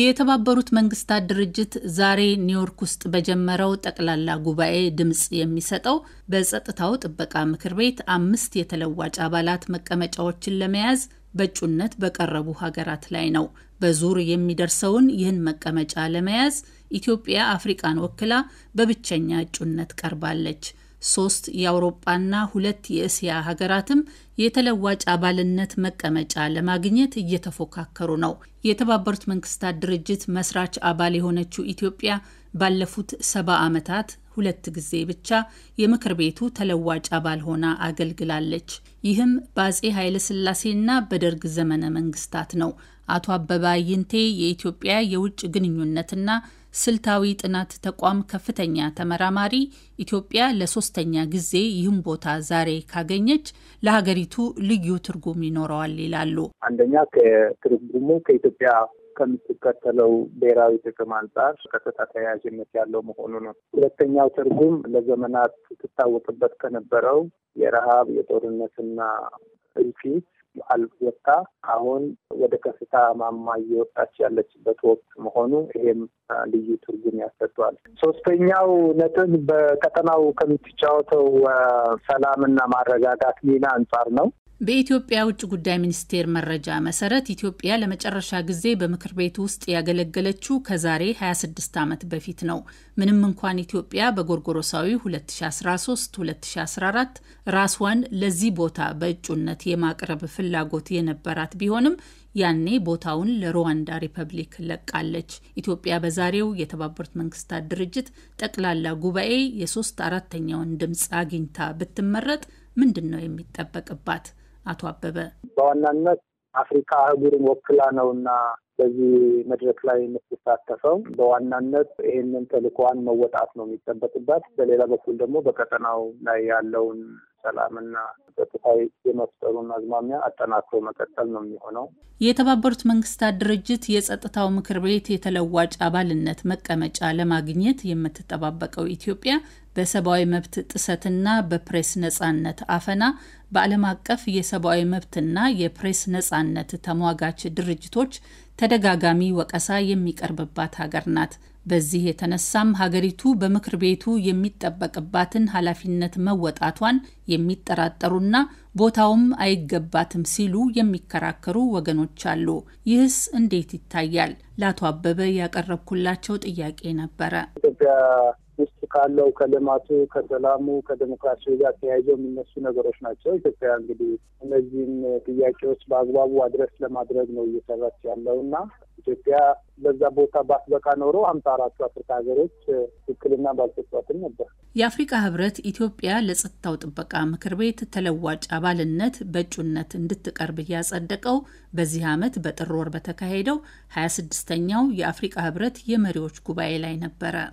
የተባበሩት መንግስታት ድርጅት ዛሬ ኒውዮርክ ውስጥ በጀመረው ጠቅላላ ጉባኤ ድምፅ የሚሰጠው በጸጥታው ጥበቃ ምክር ቤት አምስት የተለዋጭ አባላት መቀመጫዎችን ለመያዝ በእጩነት በቀረቡ ሀገራት ላይ ነው። በዙር የሚደርሰውን ይህን መቀመጫ ለመያዝ ኢትዮጵያ አፍሪቃን ወክላ በብቸኛ እጩነት ቀርባለች። ሶስት የአውሮጳና ሁለት የእስያ ሀገራትም የተለዋጭ አባልነት መቀመጫ ለማግኘት እየተፎካከሩ ነው። የተባበሩት መንግስታት ድርጅት መስራች አባል የሆነችው ኢትዮጵያ ባለፉት ሰባ ዓመታት ሁለት ጊዜ ብቻ የምክር ቤቱ ተለዋጭ አባል ሆና አገልግላለች። ይህም በአጼ ኃይለ ስላሴና በደርግ ዘመነ መንግስታት ነው። አቶ አበባ ይንቴ የኢትዮጵያ የውጭ ግንኙነትና ስልታዊ ጥናት ተቋም ከፍተኛ ተመራማሪ ኢትዮጵያ ለሶስተኛ ጊዜ ይህን ቦታ ዛሬ ካገኘች ለሀገሪቱ ልዩ ትርጉም ይኖረዋል ይላሉ። አንደኛ ከትርጉሙ ከኢትዮጵያ ከምትከተለው ብሔራዊ ጥቅም አንጻር ቀጥታ ተያያዥነት ያለው መሆኑ ነው። ሁለተኛው ትርጉም ለዘመናት ትታወቅበት ከነበረው የረሃብ የጦርነትና እልቂት አልወጣ አሁን ወደ ከፍታ ማማ እየወጣች ያለችበት ወቅት መሆኑ ይሄም ልዩ ትርጉም ያሰጠዋል። ሶስተኛው ነጥብ በቀጠናው ከምትጫወተው ሰላምና ማረጋጋት ሚና አንጻር ነው። በኢትዮጵያ ውጭ ጉዳይ ሚኒስቴር መረጃ መሰረት ኢትዮጵያ ለመጨረሻ ጊዜ በምክር ቤት ውስጥ ያገለገለችው ከዛሬ 26 ዓመት በፊት ነው። ምንም እንኳን ኢትዮጵያ በጎርጎሮሳዊ 2013-2014 ራስዋን ለዚህ ቦታ በእጩነት የማቅረብ ፍላጎት የነበራት ቢሆንም ያኔ ቦታውን ለሩዋንዳ ሪፐብሊክ ለቃለች። ኢትዮጵያ በዛሬው የተባበሩት መንግስታት ድርጅት ጠቅላላ ጉባኤ የሶስት አራተኛውን ድምፅ አግኝታ ብትመረጥ ምንድን ነው የሚጠበቅባት? አቶ አበበ በዋናነት አፍሪካ አህጉርን ወክላ እና በዚህ መድረክ ላይ የምትሳተፈው በዋናነት ይህንን ተልእኮዋን መወጣት ነው የሚጠበቅባት። በሌላ በኩል ደግሞ በቀጠናው ላይ ያለውን ሰላምና ጸጥታ የመፍጠሩን አዝማሚያ አጠናክሮ መቀጠል ነው የሚሆነው። የተባበሩት መንግስታት ድርጅት የጸጥታው ምክር ቤት የተለዋጭ አባልነት መቀመጫ ለማግኘት የምትጠባበቀው ኢትዮጵያ በሰብአዊ መብት ጥሰትና በፕሬስ ነጻነት አፈና በዓለም አቀፍ የሰብአዊ መብትና የፕሬስ ነጻነት ተሟጋች ድርጅቶች ተደጋጋሚ ወቀሳ የሚቀርብባት ሀገር ናት። በዚህ የተነሳም ሀገሪቱ በምክር ቤቱ የሚጠበቅባትን ኃላፊነት መወጣቷን የሚጠራጠሩና ቦታውም አይገባትም ሲሉ የሚከራከሩ ወገኖች አሉ። ይህስ እንዴት ይታያል? ለአቶ አበበ ያቀረብኩላቸው ጥያቄ ነበረ። ኢትዮጵያ ውስጥ ካለው ከልማቱ፣ ከሰላሙ፣ ከዴሞክራሲ ጋር ተያይዘው የሚነሱ ነገሮች ናቸው። ኢትዮጵያ እንግዲህ እነዚህን ጥያቄዎች በአግባቡ አድረስ ለማድረግ ነው እየሰራች ያለው እና ኢትዮጵያ በዛ ቦታ ባትበቃ ኖሮ ሀምሳ አራቱ አፍሪካ ሀገሮች ውክልና ባልሰጧትም ነበር። የአፍሪካ ህብረት ኢትዮጵያ ለጸጥታው ጥበቃ ምክር ቤት ተለዋጭ አባልነት በእጩነት እንድትቀርብ እያጸደቀው በዚህ ዓመት በጥር ወር በተካሄደው ሀያ ስድስተኛው የአፍሪካ ህብረት የመሪዎች ጉባኤ ላይ ነበረ።